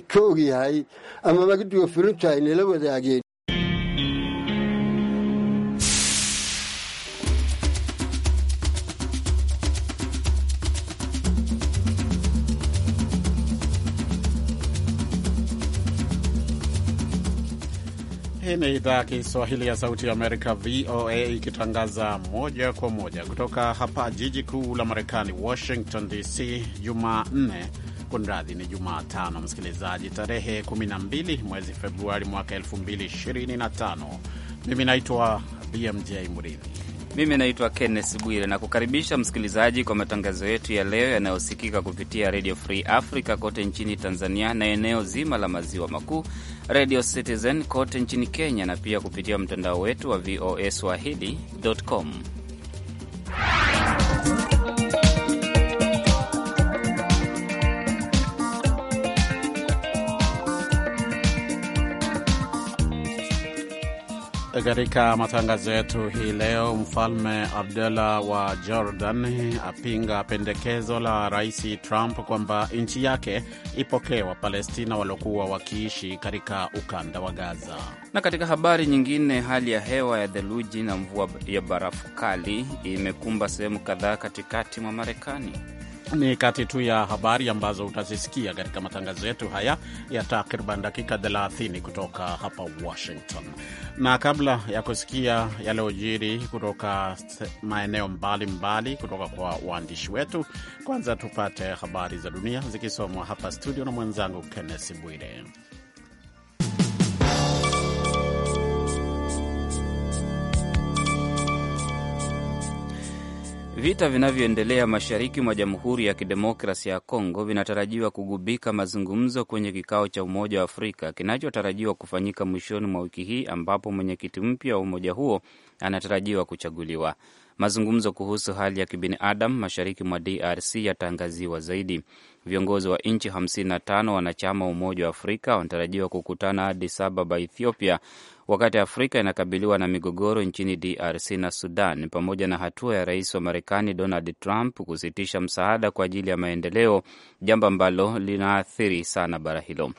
aan ka ogyahay ama magduga wadaageen Hii ni idhaa ya Kiswahili ya Sauti ya Amerika, VOA, ikitangaza moja kwa moja kutoka hapa jiji kuu la Marekani, Washington DC, Jumanne Kunradhi, ni Jumatano msikilizaji, tarehe 12 mwezi Februari mwaka 2025. Mimi naitwa BMJ Mridhi. Mimi naitwa Kenneth Bwire na kukaribisha msikilizaji kwa matangazo yetu ya leo yanayosikika kupitia Radio Free Africa kote nchini Tanzania na eneo zima la maziwa makuu, Radio Citizen kote nchini Kenya na pia kupitia mtandao wetu wa voa swahili.com. Katika matangazo yetu hii leo, mfalme Abdullah wa Jordan apinga pendekezo la rais Trump kwamba nchi yake ipokee Wapalestina waliokuwa wakiishi katika ukanda wa Gaza. Na katika habari nyingine, hali ya hewa ya theluji na mvua ya barafu kali imekumba sehemu kadhaa katikati mwa Marekani ni kati tu ya habari ambazo utazisikia katika matangazo yetu haya ya takriban dakika 30 kutoka hapa Washington. Na kabla ya kusikia yaliyojiri kutoka maeneo mbalimbali mbali, kutoka kwa waandishi wetu, kwanza tupate habari za dunia zikisomwa hapa studio na mwenzangu Kenneth Bwire. Vita vinavyoendelea mashariki mwa Jamhuri ya Kidemokrasia ya Kongo vinatarajiwa kugubika mazungumzo kwenye kikao cha Umoja wa Afrika kinachotarajiwa kufanyika mwishoni mwa wiki hii ambapo mwenyekiti mpya wa umoja huo anatarajiwa kuchaguliwa. Mazungumzo kuhusu hali ya kibinadamu mashariki mwa DRC yataangaziwa zaidi. Viongozi wa nchi 55 wanachama wa Umoja wa Afrika wanatarajiwa kukutana Addis Ababa, Ethiopia, wakati Afrika inakabiliwa na migogoro nchini DRC na Sudan, pamoja na hatua ya rais wa Marekani Donald Trump kusitisha msaada kwa ajili ya maendeleo, jambo ambalo linaathiri sana bara hilo.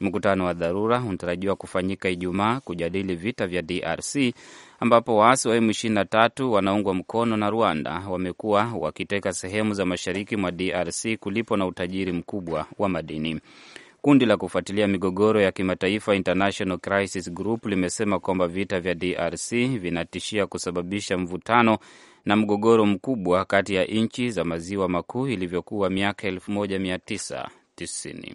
Mkutano wa dharura unatarajiwa kufanyika Ijumaa kujadili vita vya DRC ambapo waasi wa M23 wanaungwa mkono na Rwanda wamekuwa wakiteka sehemu za mashariki mwa DRC kulipo na utajiri mkubwa wa madini. Kundi la kufuatilia migogoro ya kimataifa International Crisis Group limesema kwamba vita vya DRC vinatishia kusababisha mvutano na mgogoro mkubwa kati ya nchi za maziwa makuu ilivyokuwa miaka 1990.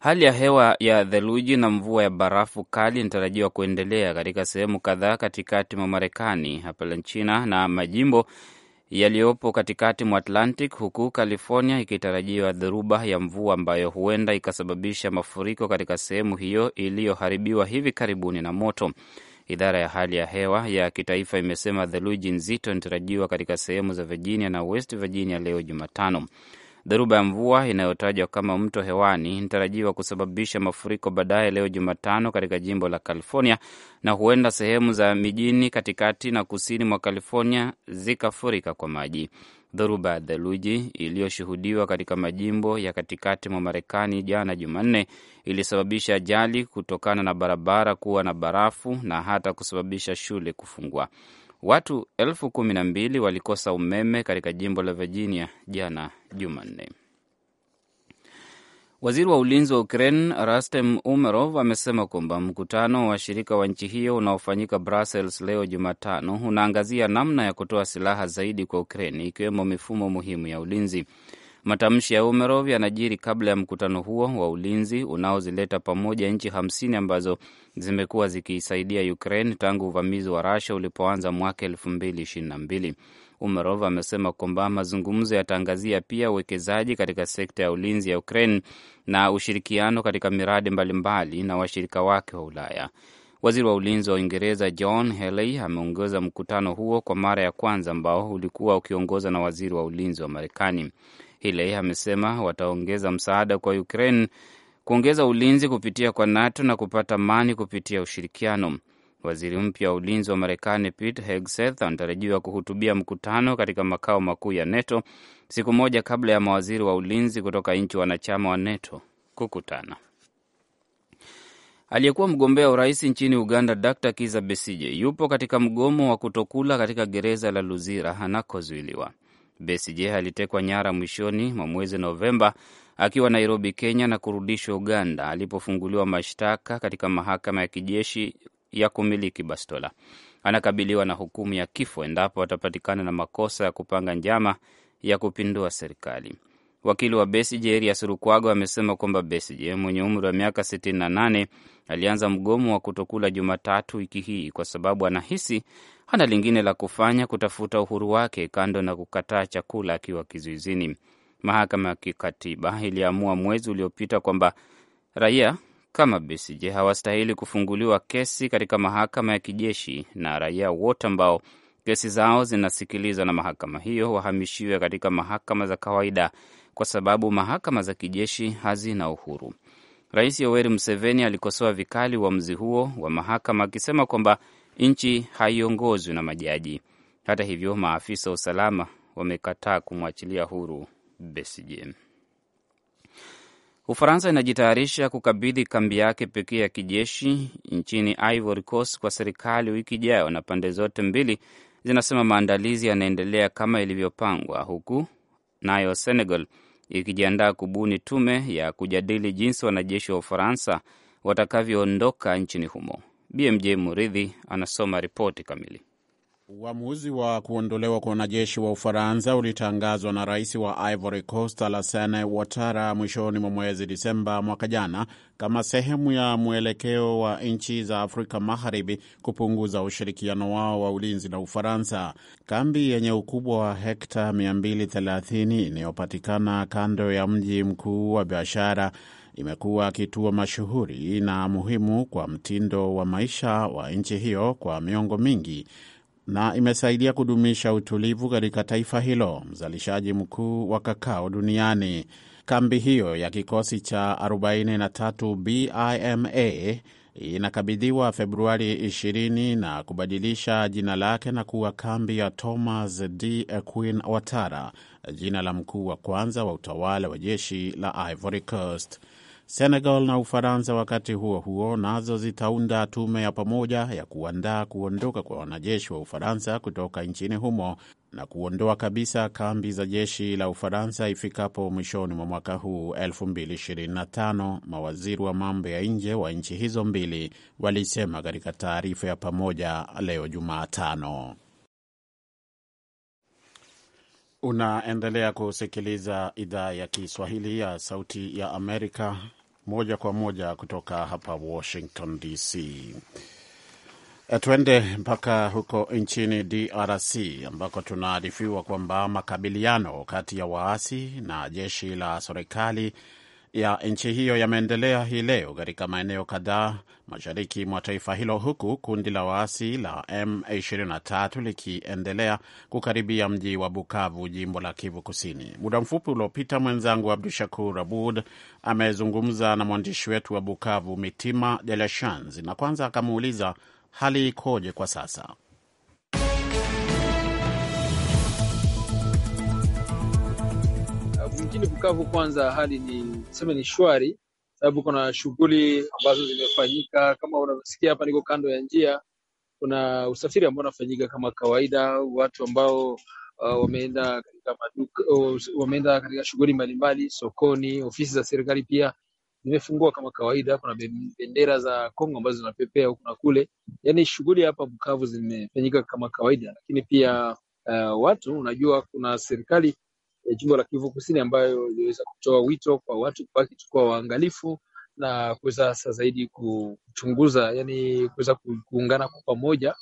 Hali ya hewa ya theluji na mvua ya barafu kali inatarajiwa kuendelea katika sehemu kadhaa katikati mwa Marekani, Appalachia na majimbo yaliyopo katikati mwa Atlantic, huku California ikitarajiwa dhoruba ya mvua ambayo huenda ikasababisha mafuriko katika sehemu hiyo iliyoharibiwa hivi karibuni na moto. Idara ya hali ya hewa ya kitaifa imesema theluji nzito inatarajiwa katika sehemu za Virginia na West Virginia leo Jumatano. Dhoruba ya mvua inayotajwa kama mto hewani inatarajiwa kusababisha mafuriko baadaye leo Jumatano katika jimbo la California, na huenda sehemu za mijini katikati na kusini mwa California zikafurika kwa maji. Dhoruba ya theluji iliyoshuhudiwa katika majimbo ya katikati mwa Marekani jana Jumanne ilisababisha ajali kutokana na barabara kuwa na barafu na hata kusababisha shule kufungwa. Watu elfu kumi na mbili walikosa umeme katika jimbo la Virginia jana Jumanne. Waziri wa ulinzi wa Ukraine Rastem Umerov amesema kwamba mkutano wa washirika wa nchi hiyo unaofanyika Brussels leo Jumatano unaangazia namna ya kutoa silaha zaidi kwa Ukraine, ikiwemo mifumo muhimu ya ulinzi. Matamshi ya Umerov yanajiri kabla ya mkutano huo wa ulinzi unaozileta pamoja nchi hamsini ambazo zimekuwa zikiisaidia Ukraine tangu uvamizi wa rasha ulipoanza mwaka elfu mbili ishirini na mbili. Umerov amesema kwamba mazungumzo yataangazia pia uwekezaji katika sekta ya ulinzi ya Ukraine na ushirikiano katika miradi mbalimbali na washirika wake wa Ulaya. Waziri wa ulinzi wa Uingereza John Healey ameongoza mkutano huo kwa mara ya kwanza ambao ulikuwa ukiongozwa na waziri wa ulinzi wa Marekani. Hilei amesema wataongeza msaada kwa Ukraine, kuongeza ulinzi kupitia kwa NATO na kupata amani kupitia ushirikiano. Waziri mpya wa ulinzi wa Marekani Pete Hegseth anatarajiwa kuhutubia mkutano katika makao makuu ya NATO siku moja kabla ya mawaziri wa ulinzi kutoka nchi wanachama wa NATO kukutana. Aliyekuwa mgombea urais nchini Uganda Dr Kiza Besije yupo katika mgomo wa kutokula katika gereza la Luzira anakozuiliwa. Besigye alitekwa nyara mwishoni mwa mwezi Novemba akiwa Nairobi, Kenya, na kurudishwa Uganda alipofunguliwa mashtaka katika mahakama ya kijeshi ya kumiliki bastola. Anakabiliwa na hukumu ya kifo endapo atapatikana na makosa ya kupanga njama ya kupindua serikali. Wakili wa Besigye Erias Lukwago amesema kwamba Besigye mwenye umri wa miaka 68 alianza mgomo wa kutokula Jumatatu wiki hii kwa sababu anahisi hana lingine la kufanya kutafuta uhuru wake kando na kukataa chakula akiwa kizuizini. Mahakama ya Kikatiba iliamua mwezi uliopita kwamba raia kama Besigye hawastahili kufunguliwa kesi katika mahakama ya kijeshi na raia wote ambao kesi zao zinasikilizwa na mahakama hiyo wahamishiwe katika mahakama za kawaida kwa sababu mahakama za kijeshi hazina uhuru. Rais Yoweri Museveni alikosoa vikali uamuzi huo wa mahakama akisema kwamba nchi haiongozwi na majaji. Hata hivyo, maafisa wa usalama wamekataa kumwachilia huru Besigye. Ufaransa inajitayarisha kukabidhi kambi yake pekee ya kijeshi nchini Ivory Coast kwa serikali wiki ijayo, na pande zote mbili zinasema maandalizi yanaendelea kama ilivyopangwa, huku nayo Senegal ikijiandaa kubuni tume ya kujadili jinsi wanajeshi wa Ufaransa watakavyoondoka nchini humo. BMJ Muridhi anasoma ripoti kamili. Uamuzi wa kuondolewa kwa wanajeshi wa Ufaransa ulitangazwa na rais wa Ivory Coast Alassane Ouattara mwishoni mwa mwezi Disemba mwaka jana kama sehemu ya mwelekeo wa nchi za Afrika Magharibi kupunguza ushirikiano wao wa ulinzi na Ufaransa. Kambi yenye ukubwa wa hekta 230 inayopatikana kando ya mji mkuu wa biashara imekuwa kituo mashuhuri na muhimu kwa mtindo wa maisha wa nchi hiyo kwa miongo mingi na imesaidia kudumisha utulivu katika taifa hilo, mzalishaji mkuu wa kakao duniani. Kambi hiyo ya kikosi cha 43 BIMA inakabidhiwa Februari 20 na kubadilisha jina lake na kuwa kambi ya Thomas D quin Ouattara, jina la mkuu wa kwanza wa utawala wa jeshi la Ivory Coast. Senegal na Ufaransa wakati huo huo nazo zitaunda tume ya pamoja ya kuandaa kuondoka kwa wanajeshi wa Ufaransa kutoka nchini humo na kuondoa kabisa kambi za jeshi la Ufaransa ifikapo mwishoni mwa mwaka huu 2025, mawaziri wa mambo ya nje wa nchi hizo mbili walisema katika taarifa ya pamoja leo Jumatano. Unaendelea kusikiliza idhaa ya Kiswahili ya Sauti ya Amerika moja kwa moja kutoka hapa Washington DC. E, Tuende mpaka huko nchini DRC ambako tunaarifiwa kwamba makabiliano kati ya waasi na jeshi la serikali ya nchi hiyo yameendelea hii leo katika maeneo kadhaa mashariki mwa taifa hilo, huku kundi la waasi la M23 likiendelea kukaribia mji wa Bukavu, jimbo la Kivu Kusini. Muda mfupi uliopita, mwenzangu Abdu Shakur Abud amezungumza na mwandishi wetu wa Bukavu, Mitima De Lashans, na kwanza akamuuliza hali ikoje kwa sasa. Mjini Bukavu kwanza, hali ni seme ni shwari, sababu kuna shughuli ambazo zimefanyika. Kama unavyosikia hapa, niko kando ya njia, kuna usafiri ambao unafanyika kama kawaida, watu ambao Uh, wameenda katika maduka, uh, wameenda katika shughuli mbalimbali sokoni. Ofisi za serikali pia zimefungua kama kawaida. Kuna bendera za Kongo ambazo zinapepea huku na kule, yaani shughuli hapa Bukavu zimefanyika kama kawaida. Lakini pia uh, watu unajua, kuna serikali ya jimbo la Kivu Kusini ambayo iliweza kutoa wito kwa watu kubaki tukuwa waangalifu na kuweza sasa zaidi kuchunguza, yani kuweza kuungana kwa pamoja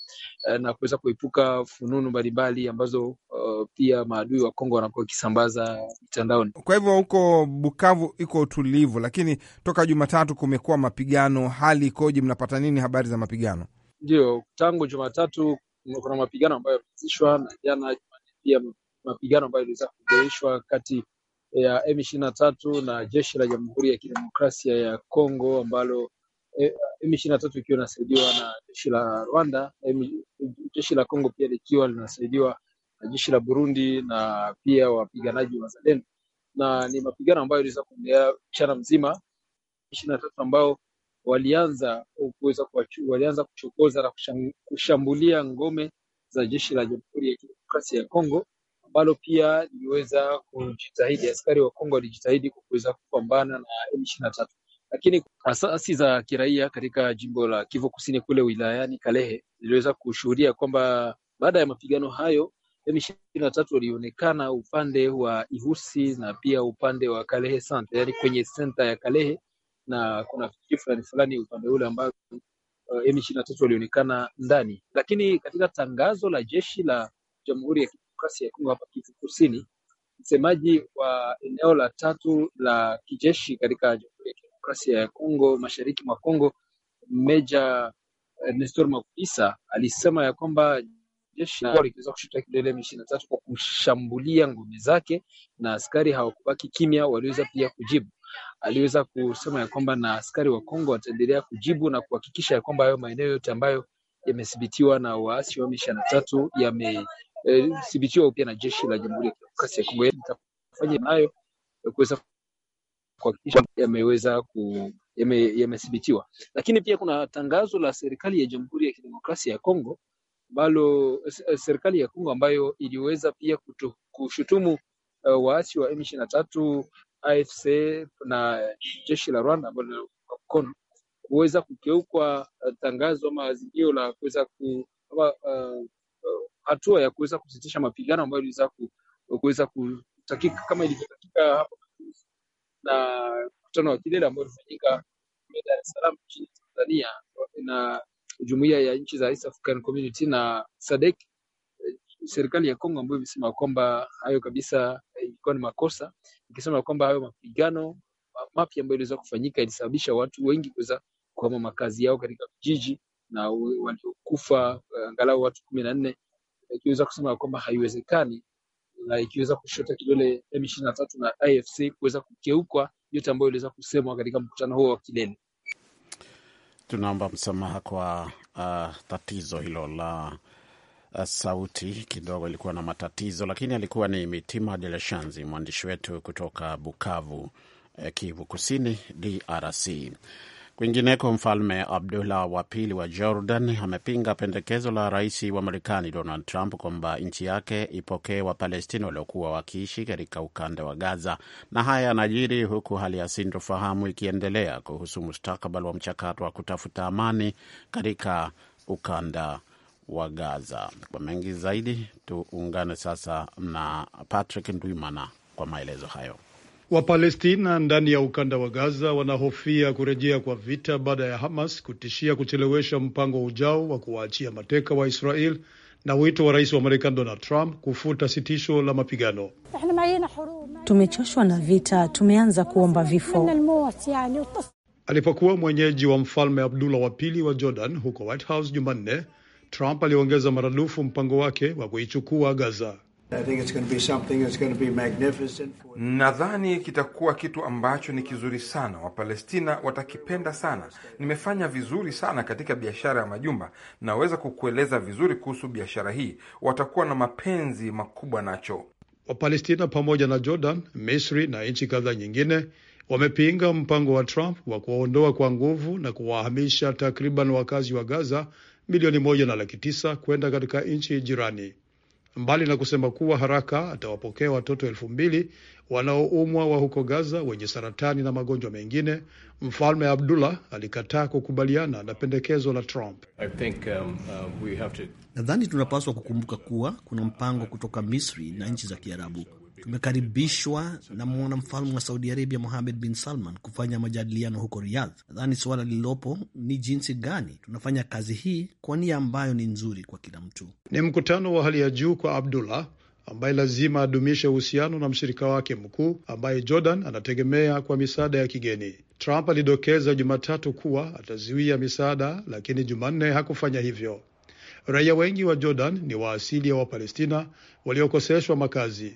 eh, na kuweza kuepuka fununu mbalimbali ambazo uh, pia maadui wa Kongo wanakuwa wakisambaza mitandaoni. Kwa hivyo huko Bukavu iko utulivu, lakini toka Jumatatu kumekuwa mapigano. Hali ikoje? Mnapata nini habari za mapigano? Ndio, tangu Jumatatu kuna mapigano ambayo yameanzishwa na jana pia mapigano ambayo iliweza kugeishwa kati ya M23 na jeshi la Jamhuri ya Kidemokrasia ya Kongo ambalo eh, M23 ikiwa inasaidiwa na jeshi la Rwanda, jeshi la Kongo pia likiwa linasaidiwa na jeshi la Burundi na pia wapiganaji wa wazalendo, na ni mapigano ambayo iliweza kuendelea mchana mzima. M23 ambao walianza kuweza walianza kuchokoza na kushambulia ngome za jeshi la Jamhuri ya Kidemokrasia ya Kongo ambalo pia liliweza kujitahidi, askari wa Kongo walijitahidi kuweza kupambana na M23, lakini asasi za kiraia katika jimbo la Kivu Kusini kule wilayani Kalehe ziliweza kushuhudia kwamba baada ya mapigano hayo M23 walionekana upande wa Ihusi na pia upande wa Kalehe Sante, yaani kwenye senta ya Kalehe, na kuna vijiji fulani fulani upande ule ambao uh, M23 walionekana ndani. Lakini katika tangazo la jeshi la Jamhuri ya Demokrasia ya Kongo hapa Kivu Kusini. Msemaji wa eneo la tatu la kijeshi katika Jamhuri ya Kidemokrasia ya Kongo, mashariki mwa Kongo, Meja Nestor Makuisa alisema ya kwamba jeshi likiweza kushuta kidole M23 kwa kushambulia ngome zake, na askari hawakubaki kimya, waliweza pia kujibu. Aliweza kusema ya kwamba na askari wa Kongo wataendelea kujibu na kuhakikisha ya kwamba hayo maeneo yote ambayo yamethibitiwa na waasi wa M23 yame Eh, imethibitiwa pia na jeshi la Jamhuri ya Kidemokrasia ya Kongo. Itafanya nayo eh, kuweza kuhakikisha yameweza ku yamethibitiwa yame, lakini pia kuna tangazo la serikali ya Jamhuri ya Kidemokrasia ya Kongo ambalo eh, serikali ya Kongo ambayo iliweza pia kutu, kushutumu uh, waasi wa M23 AFC na jeshi la Rwanda ambalo linaunga mkono kuweza kukeukwa uh, tangazo ama azimio la kuweza ku, ama, uh, hatua ya kuweza kusitisha mapigano ambayo iliweza kuweza kutakika kama ilivyotakika hapo na mkutano wa kilele ambao ulifanyika Dar es Salaam nchini Tanzania na jumuiya ya nchi za East African Community na SADC. Eh, serikali ya Kongo ambayo imesema kwamba hayo kabisa eh, ilikuwa ni makosa, ikisema kwamba hayo mapigano mapya ambayo iliweza kufanyika ilisababisha watu wengi kuweza kuhama makazi yao katika vijiji na waliokufa eh, angalau watu kumi na nne ikiweza kusema kwamba haiwezekani na ikiweza kushota kidole M23 na IFC kuweza kukeukwa yote ambayo iliweza kusemwa katika mkutano huo wa kilele. Tunaomba msamaha kwa uh, tatizo hilo la uh, sauti kidogo, ilikuwa na matatizo, lakini alikuwa ni Mitima De La Shanzi, mwandishi wetu kutoka Bukavu, eh, Kivu Kusini, DRC. Kwingineko, mfalme Abdullah wa pili wa Jordan amepinga pendekezo la rais wa Marekani Donald Trump kwamba nchi yake ipokee Wapalestina waliokuwa wakiishi katika ukanda wa Gaza. Na haya yanajiri huku hali ya sintofahamu ikiendelea kuhusu mustakabali wa mchakato wa kutafuta amani katika ukanda wa Gaza. Kwa mengi zaidi, tuungane sasa na Patrick Ndwimana kwa maelezo hayo. Wapalestina ndani ya ukanda wa Gaza wanahofia kurejea kwa vita baada ya Hamas kutishia kuchelewesha mpango ujao wa kuwaachia mateka wa Israel na wito wa rais wa Marekani Donald Trump kufuta sitisho la mapigano. Tumechoshwa na vita, tumeanza kuomba vifo. Alipokuwa mwenyeji wa mfalme Abdullah wa pili wa Jordan huko White House Jumanne, Trump aliongeza maradufu mpango wake wa kuichukua Gaza. Nadhani kitakuwa kitu ambacho ni kizuri sana, Wapalestina watakipenda sana. Nimefanya vizuri sana katika biashara ya majumba, naweza kukueleza vizuri kuhusu biashara hii. Watakuwa na mapenzi makubwa nacho. Wapalestina pamoja na Jordan, Misri na nchi kadhaa nyingine wamepinga mpango wa Trump wa kuwaondoa kwa nguvu na kuwahamisha takriban wakazi wa Gaza milioni moja na laki tisa kwenda katika nchi jirani mbali na kusema kuwa haraka atawapokea watoto elfu mbili wanaoumwa wa huko Gaza wenye saratani na magonjwa mengine. Mfalme Abdullah alikataa kukubaliana na pendekezo la Trump. Um, uh, to... nadhani tunapaswa kukumbuka kuwa kuna mpango kutoka Misri na nchi za Kiarabu imekaribishwa na mwanamfalme wa Saudi Arabia Mohamed bin Salman kufanya majadiliano huko Riyadh. Nadhani suala lililopo ni jinsi gani tunafanya kazi hii kwa nia ambayo ni nzuri kwa kila mtu. Ni mkutano wa hali ya juu kwa Abdullah ambaye lazima adumishe uhusiano na mshirika wake mkuu ambaye Jordan anategemea kwa misaada ya kigeni. Trump alidokeza Jumatatu kuwa atazuia misaada, lakini Jumanne hakufanya hivyo. Raia wengi wa Jordan ni waasili ya Wapalestina waliokoseshwa makazi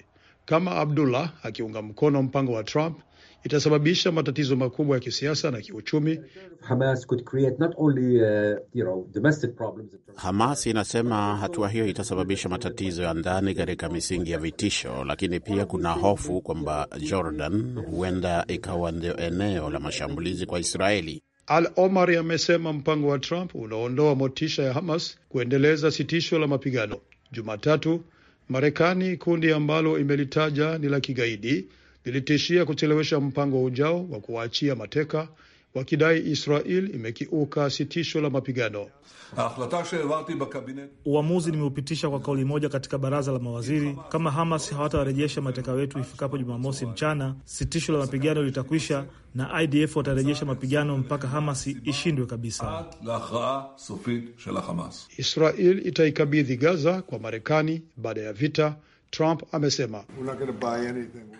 kama Abdullah akiunga mkono mpango wa Trump itasababisha matatizo makubwa ya kisiasa na kiuchumi. Hamas, could create not only, uh, you know, domestic problems... Hamas uh, inasema uh, hatua hiyo itasababisha matatizo ya ndani katika misingi ya vitisho, lakini pia kuna hofu kwamba Jordan huenda ikawa ndio eneo la mashambulizi kwa Israeli. Al Omari amesema mpango wa Trump unaondoa motisha ya Hamas kuendeleza sitisho la mapigano. Jumatatu Marekani, kundi ambalo imelitaja ni la kigaidi, lilitishia kuchelewesha mpango ujao wa kuwaachia mateka wakidai Israel imekiuka sitisho la mapigano. Uamuzi nimeupitisha kwa kauli moja katika baraza la mawaziri. Kama Hamas hawatawarejesha mateka wetu ifikapo Jumamosi mchana, sitisho la mapigano litakwisha na IDF watarejesha mapigano mpaka Hamas ishindwe kabisa. Israel itaikabidhi Gaza kwa Marekani baada ya vita Trump amesema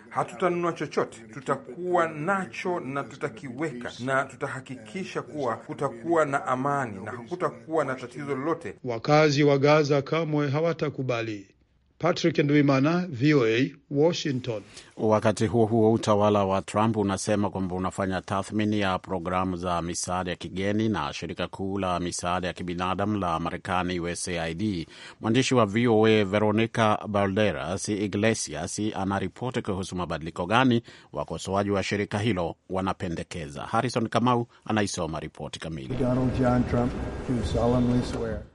hatutanunua chochote, tutakuwa nacho na tutakiweka, na tutahakikisha kuwa kutakuwa na amani na hakutakuwa na tatizo lolote. Wakazi wa Gaza kamwe hawatakubali. Patrick Ndwimana, VOA, Washington. Wakati huo huo, utawala wa Trump unasema kwamba unafanya tathmini ya programu za misaada ya kigeni na shirika kuu la misaada ya kibinadamu la Marekani, USAID. Mwandishi wa VOA Veronica Balderas Iglesias anaripoti kuhusu mabadiliko gani wakosoaji wa shirika hilo wanapendekeza. Harrison Kamau anaisoma ripoti kamili.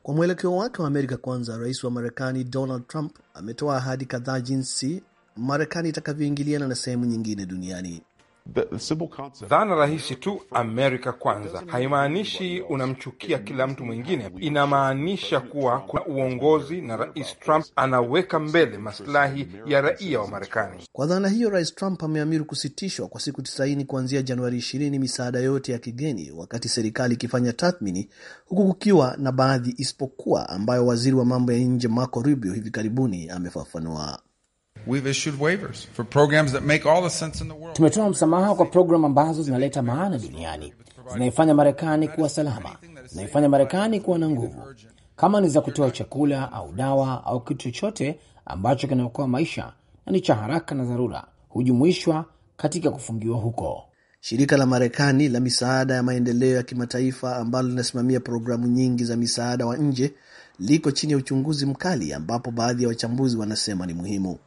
Kwa mwelekeo wake wa Amerika Kwanza, rais wa Marekani Donald Trump ametoa ahadi kadhaa jinsi Marekani itakavyoingiliana na sehemu nyingine duniani. Dhana rahisi tu, Amerika kwanza, haimaanishi unamchukia kila mtu mwingine. Inamaanisha kuwa kuna uongozi na Rais Trump anaweka mbele masilahi ya raia wa Marekani. Kwa dhana hiyo, Rais Trump ameamiri kusitishwa kwa siku tisaini kuanzia Januari ishirini misaada yote ya kigeni, wakati serikali ikifanya tathmini, huku kukiwa na baadhi isipokuwa ambayo waziri wa mambo ya nje Marco Rubio hivi karibuni amefafanua. Tumetoa msamaha kwa programu ambazo zinaleta maana duniani, zinaifanya Marekani kuwa salama, zinaifanya Marekani kuwa na nguvu, kama ni za kutoa chakula au dawa au kitu chochote ambacho kinaokoa maisha na ni cha haraka na dharura, hujumuishwa katika kufungiwa huko. Shirika la Marekani la misaada ya maendeleo ya kimataifa ambalo linasimamia programu nyingi za misaada wa nje liko chini ya uchunguzi mkali, ambapo baadhi ya wachambuzi wanasema ni muhimu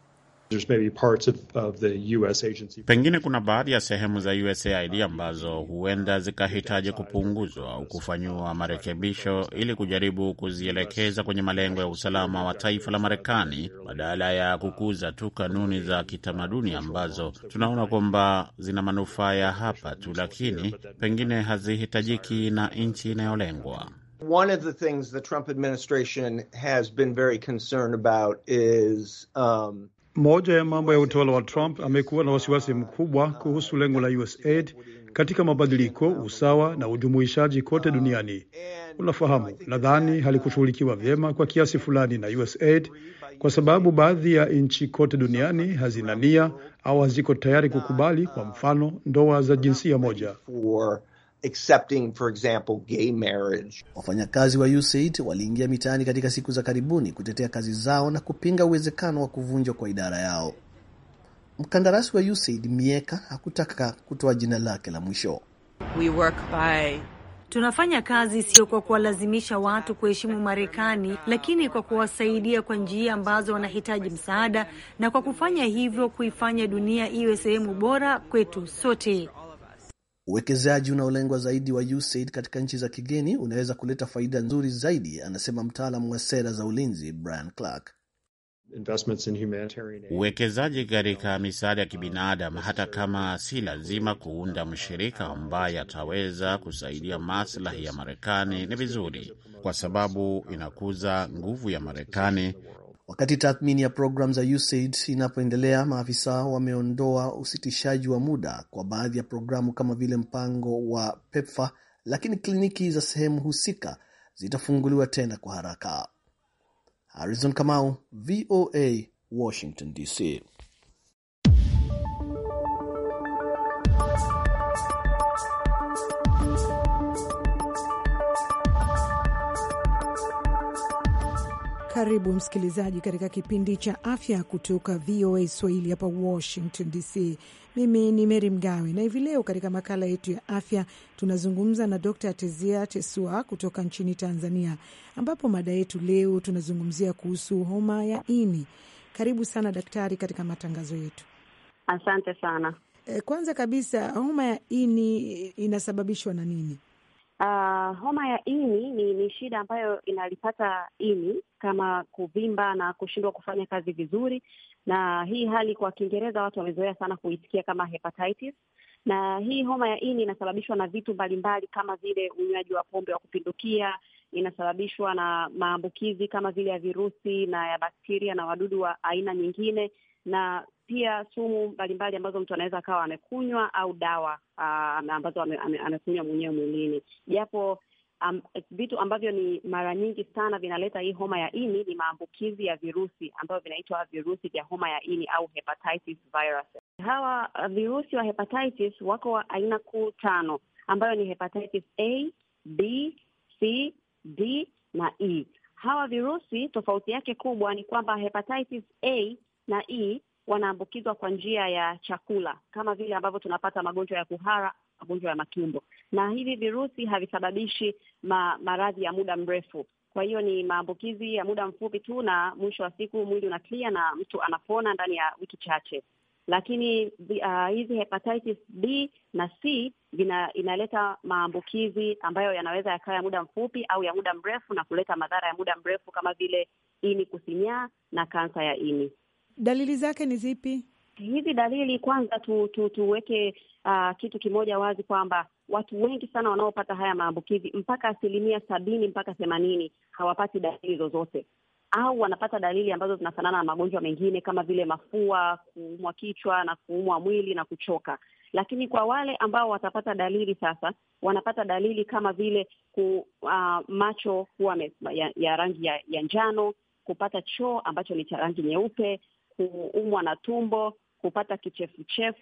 Pengine kuna baadhi ya sehemu za USAID ambazo huenda zikahitaji kupunguzwa au kufanyiwa marekebisho ili kujaribu kuzielekeza kwenye malengo ya usalama wa taifa la Marekani badala ya kukuza tu kanuni za kitamaduni ambazo tunaona kwamba zina manufaa ya hapa tu, lakini pengine hazihitajiki na nchi inayolengwa. One of the things the Trump administration has been very concerned about is, um... Moja ya mambo ya utawala wa Trump, amekuwa na wasiwasi mkubwa kuhusu lengo la USAID katika mabadiliko, usawa na ujumuishaji kote duniani. Unafahamu, nadhani halikushughulikiwa vyema kwa kiasi fulani na USAID kwa sababu baadhi ya nchi kote duniani hazina nia au haziko tayari kukubali, kwa mfano, ndoa za jinsia moja accepting for example gay marriage. Wafanyakazi wa USAID waliingia mitaani katika siku za karibuni kutetea kazi zao na kupinga uwezekano wa kuvunjwa kwa idara yao. Mkandarasi wa USAID Mieka hakutaka kutoa jina lake la mwisho. We work by... tunafanya kazi sio kwa kuwalazimisha watu kuheshimu Marekani, lakini kwa kuwasaidia kwa njia ambazo wanahitaji msaada, na kwa kufanya hivyo kuifanya dunia iwe sehemu bora kwetu sote. Uwekezaji unaolengwa zaidi wa USAID katika nchi za kigeni unaweza kuleta faida nzuri zaidi, anasema mtaalamu wa sera za ulinzi Brian Clark. Uwekezaji katika misaada ya kibinadamu, hata kama si lazima kuunda mshirika ambaye ataweza kusaidia maslahi ya Marekani, ni vizuri kwa sababu inakuza nguvu ya Marekani Wakati tathmini ya programu za USAID inapoendelea, maafisa wameondoa usitishaji wa muda kwa baadhi ya programu kama vile mpango wa pepfa lakini kliniki za sehemu husika zitafunguliwa tena kwa haraka. Harrison Kamau, VOA, Washington DC. Karibu msikilizaji katika kipindi cha afya kutoka VOA Swahili hapa Washington DC. Mimi ni Meri Mgawe na hivi leo katika makala yetu ya afya tunazungumza na Dr Tezia Tesua kutoka nchini Tanzania, ambapo mada yetu leo tunazungumzia kuhusu homa ya ini. Karibu sana daktari katika matangazo yetu. Asante sana. Eh, kwanza kabisa, homa ya ini inasababishwa na nini? Uh, homa ya ini ni, ni shida ambayo inalipata ini kama kuvimba na kushindwa kufanya kazi vizuri, na hii hali kwa Kiingereza watu wamezoea sana kuisikia kama hepatitis. Na hii homa ya ini inasababishwa na vitu mbalimbali kama vile unywaji wa pombe wa kupindukia, inasababishwa na maambukizi kama vile ya virusi na ya bakteria na wadudu wa aina nyingine, na pia sumu mbalimbali ambazo mtu anaweza akawa amekunywa au dawa uh, ambazo ame, ame, amekunywa mwenyewe mwilini, japo vitu um, ambavyo ni mara nyingi sana vinaleta hii homa ya ini ni maambukizi ya virusi ambavyo vinaitwa virusi vya homa ya ini au hepatitis Hawa ah, virusi wa hepatitis wako wa aina kuu tano ambayo ni hepatitis A, B, C, D na E. Hawa virusi tofauti yake kubwa ni kwamba hepatitis A na E wanaambukizwa kwa njia ya chakula, kama vile ambavyo tunapata magonjwa ya kuhara, magonjwa ya matumbo, na hivi virusi havisababishi ma, maradhi ya muda mrefu. Kwa hiyo ni maambukizi ya muda mfupi tu, na mwisho wa siku mwili unaklia na mtu anapona ndani ya wiki chache. Lakini uh, hizi hepatitis B na C vina, inaleta maambukizi ambayo yanaweza yakawa ya muda mfupi au ya muda mrefu na kuleta madhara ya muda mrefu kama vile ini kusinyaa na kansa ya ini dalili zake ni zipi? Hizi dalili kwanza tu, tu, tuweke uh, kitu kimoja wazi kwamba watu wengi sana wanaopata haya maambukizi mpaka asilimia sabini mpaka themanini hawapati dalili zozote au wanapata dalili ambazo zinafanana na magonjwa mengine kama vile mafua, kuumwa kichwa na kuumwa mwili na kuchoka. Lakini kwa wale ambao watapata dalili sasa, wanapata dalili kama vile ku, uh, macho kuwa ya, ya rangi ya, ya njano, kupata choo ambacho ni cha rangi nyeupe, kuumwa na tumbo, kupata kichefuchefu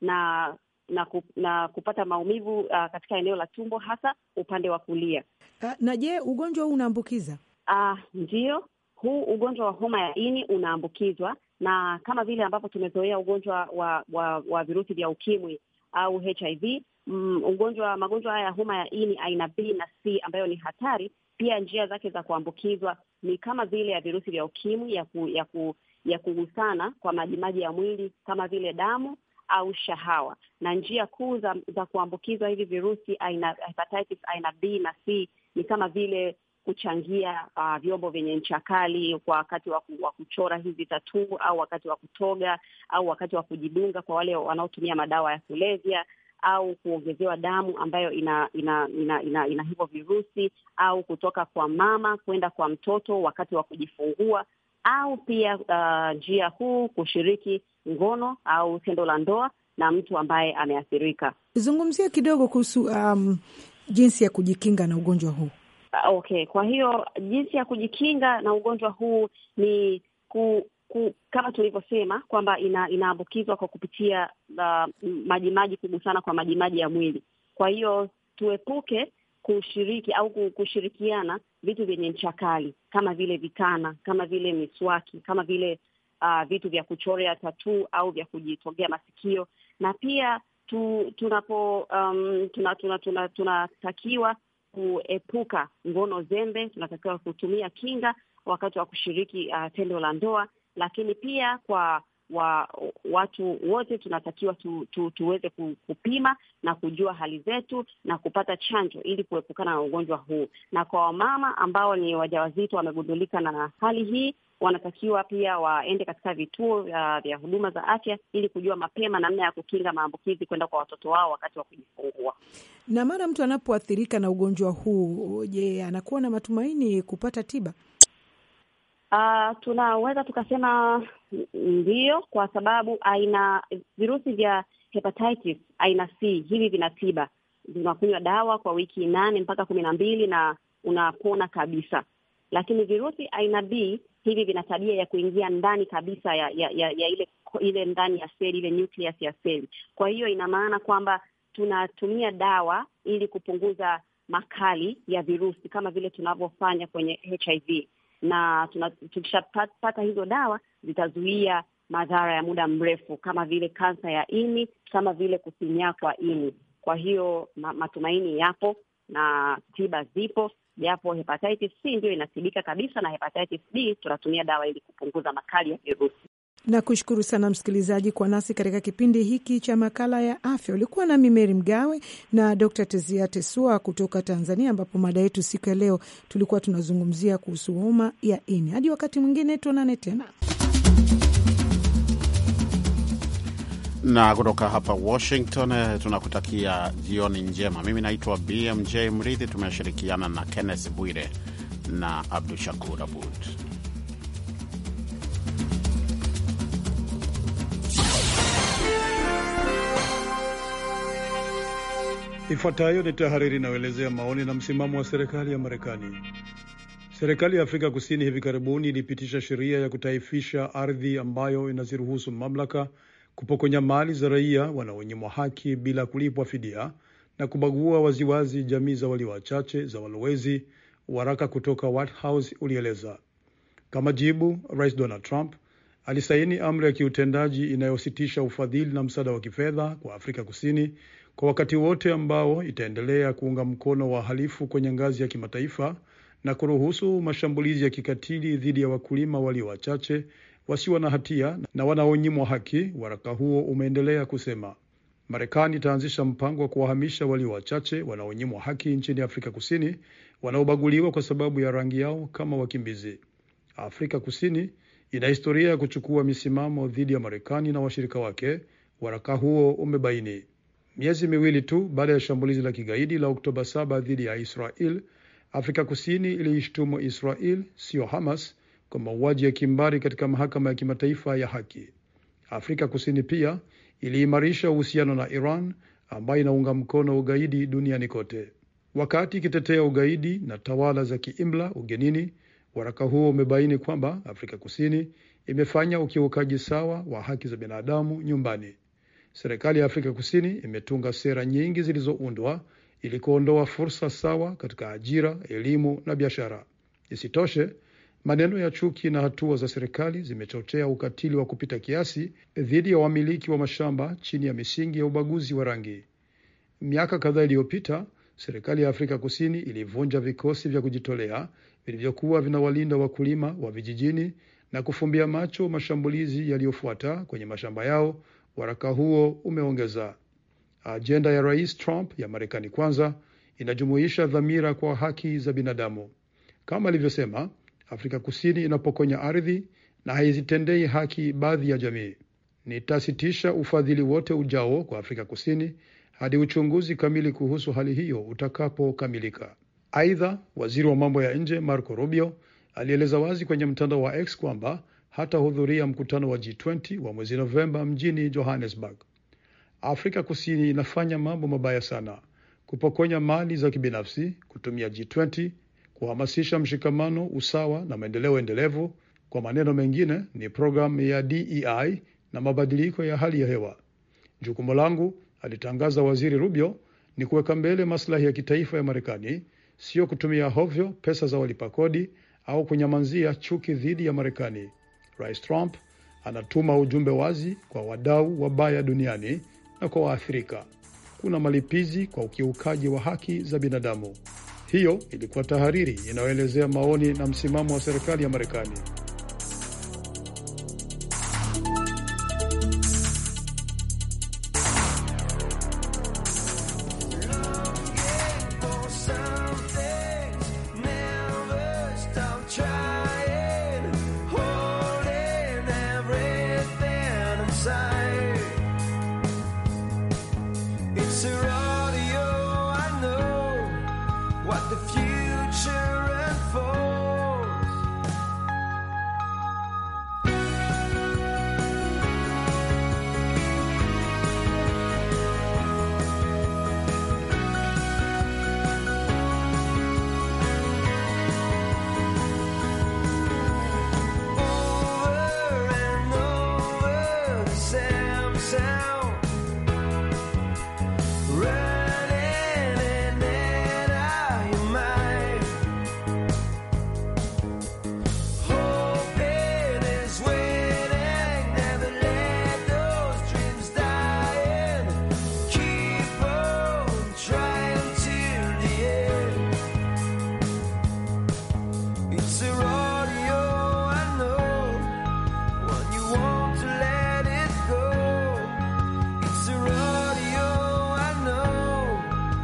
na na, ku, na kupata maumivu uh, katika eneo la tumbo hasa upande wa kulia. Ah, na je, ugonjwa huu unaambukiza? Uh, ndio, huu ugonjwa wa homa ya ini unaambukizwa, na kama vile ambavyo tumezoea ugonjwa wa, wa, wa virusi vya ukimwi au HIV mm, ugonjwa magonjwa haya ya homa ya ini aina B na C ambayo ni hatari pia, njia zake za kuambukizwa ni kama vile ya virusi vya ukimwi ya, ku, ya, ku, ya kugusana kwa majimaji ya mwili kama vile damu au shahawa, na njia kuu za, za kuambukizwa hivi virusi aina hepatitis aina B na C ni kama vile kuchangia uh, vyombo vyenye ncha kali kwa wakati wa kuchora hizi tatuu au wakati wa kutoga au wakati wa kujidunga kwa wale wanaotumia madawa ya kulevya au kuongezewa damu ambayo ina ina ina, ina, ina hivyo virusi au kutoka kwa mama kwenda kwa mtoto wakati wa kujifungua au pia uh, njia huu kushiriki ngono au tendo la ndoa na mtu ambaye ameathirika. Zungumzia kidogo kuhusu um, jinsi ya kujikinga na ugonjwa huu. Uh, okay, kwa hiyo jinsi ya kujikinga na ugonjwa huu ni ku, ku, kama tulivyosema kwamba ina, inaambukizwa kwa kupitia uh, majimaji, kugusana kwa majimaji ya mwili. Kwa hiyo tuepuke kushiriki au kushirikiana vitu vyenye ncha kali kama vile vitana kama vile miswaki, kama vile uh, vitu vya kuchorea tatuu au vya kujitogea masikio, na pia tu, tunapo um, tunatakiwa tuna, tuna, tuna kuepuka ngono zembe, tunatakiwa kutumia kinga wakati wa kushiriki uh, tendo la ndoa, lakini pia kwa wa watu wote tunatakiwa tu, tu, tuweze kupima na kujua hali zetu na kupata chanjo ili kuepukana na ugonjwa huu. Na kwa wamama ambao ni wajawazito wamegundulika na hali hii, wanatakiwa pia waende katika vituo vya, vya huduma za afya ili kujua mapema namna ya kukinga maambukizi kwenda kwa watoto wao wakati wa kujifungua. Na mara mtu anapoathirika na ugonjwa huu, je, anakuwa na matumaini kupata tiba? Uh, tunaweza tukasema ndio kwa sababu aina virusi vya hepatitis aina C hivi vinatiba, vinakunywa dawa kwa wiki nane mpaka kumi na mbili na unapona kabisa. Lakini virusi aina B hivi vina tabia ya kuingia ndani kabisa ya, ya, ya, ya ile ile ndani ya seli ile nucleus ya seli. Kwa hiyo ina maana kwamba tunatumia dawa ili kupunguza makali ya virusi kama vile tunavyofanya kwenye HIV na tukishapata hizo dawa zitazuia madhara ya muda mrefu kama vile kansa ya ini, kama vile kusinyaa kwa ini. Kwa hiyo ma, matumaini yapo na tiba zipo, japo hepatitis C ndio inatibika kabisa, na hepatitis B tunatumia dawa ili kupunguza makali ya virusi. Nakushukuru sana msikilizaji kwa nasi katika kipindi hiki cha makala ya afya. Ulikuwa nami Meri Mgawe na Dr Tezia Tesua kutoka Tanzania, ambapo mada yetu siku ya leo tulikuwa tunazungumzia kuhusu homa ya ini. Hadi wakati mwingine, tuonane tena na kutoka hapa Washington tunakutakia jioni njema. Mimi naitwa BMJ Mridhi, tumeshirikiana na Kenneth Bwire na Abdu Shakur Abud. Ifuatayo ni tahariri inayoelezea maoni na msimamo wa serikali ya Marekani. Serikali ya Afrika Kusini hivi karibuni ilipitisha sheria ya kutaifisha ardhi ambayo inaziruhusu mamlaka kupokonya mali za raia wanaonyimwa haki bila kulipwa fidia na kubagua waziwazi jamii za walio wachache za walowezi, waraka kutoka White House ulieleza. Kama jibu, Rais Donald Trump alisaini amri ya kiutendaji inayositisha ufadhili na msaada wa kifedha kwa Afrika Kusini kwa wakati wote ambao itaendelea kuunga mkono wahalifu kwenye ngazi ya kimataifa na kuruhusu mashambulizi ya kikatili dhidi ya wakulima walio wachache wasiwa na hatia na wanaonyimwa haki. Waraka huo umeendelea kusema Marekani itaanzisha mpango wa kuwahamisha walio wachache wanaonyimwa haki nchini Afrika Kusini wanaobaguliwa kwa sababu ya rangi yao kama wakimbizi. Afrika Kusini ina historia ya kuchukua misimamo dhidi ya Marekani na washirika wake, waraka huo umebaini. Miezi miwili tu baada ya shambulizi la kigaidi la Oktoba 7 dhidi ya Israel, Afrika Kusini iliishtumu Israel, siyo Hamas, kwa mauaji ya kimbari katika mahakama ya kimataifa ya haki. Afrika Kusini pia iliimarisha uhusiano na Iran ambayo inaunga mkono ugaidi duniani kote, wakati ikitetea ugaidi na tawala za kiimla ugenini. Waraka huo umebaini kwamba Afrika Kusini imefanya ukiukaji sawa wa haki za binadamu nyumbani. Serikali ya Afrika Kusini imetunga sera nyingi zilizoundwa ili kuondoa fursa sawa katika ajira, elimu na biashara. Isitoshe, maneno ya chuki na hatua za serikali zimechochea ukatili wa kupita kiasi dhidi ya wamiliki wa mashamba chini ya misingi ya ubaguzi wa rangi. Miaka kadhaa iliyopita, serikali ya Afrika Kusini ilivunja vikosi vya kujitolea vilivyokuwa vinawalinda wakulima wa vijijini na kufumbia macho mashambulizi yaliyofuata kwenye mashamba yao Waraka huo umeongeza, ajenda ya Rais Trump ya Marekani kwanza inajumuisha dhamira kwa haki za binadamu. Kama alivyosema, Afrika Kusini inapokonya ardhi na haizitendei haki baadhi ya jamii. Nitasitisha ufadhili wote ujao kwa Afrika Kusini hadi uchunguzi kamili kuhusu hali hiyo utakapokamilika. Aidha, waziri wa mambo ya nje Marco Rubio alieleza wazi kwenye mtandao wa X kwamba hatahudhuria mkutano wa G20 wa mwezi Novemba mjini Johannesburg. Afrika Kusini inafanya mambo mabaya sana: kupokonya mali za kibinafsi, kutumia G20 kuhamasisha mshikamano, usawa na maendeleo endelevu. Kwa maneno mengine, ni programu ya DEI na mabadiliko ya hali ya hewa. Jukumu langu, alitangaza Waziri Rubio, ni kuweka mbele maslahi ya kitaifa ya Marekani, sio kutumia hovyo pesa za walipa kodi au kunyamanzia chuki dhidi ya Marekani. Rais Trump anatuma ujumbe wazi kwa wadau wabaya duniani na kwa Waafrika: kuna malipizi kwa ukiukaji wa haki za binadamu. Hiyo ilikuwa tahariri inayoelezea maoni na msimamo wa serikali ya Marekani.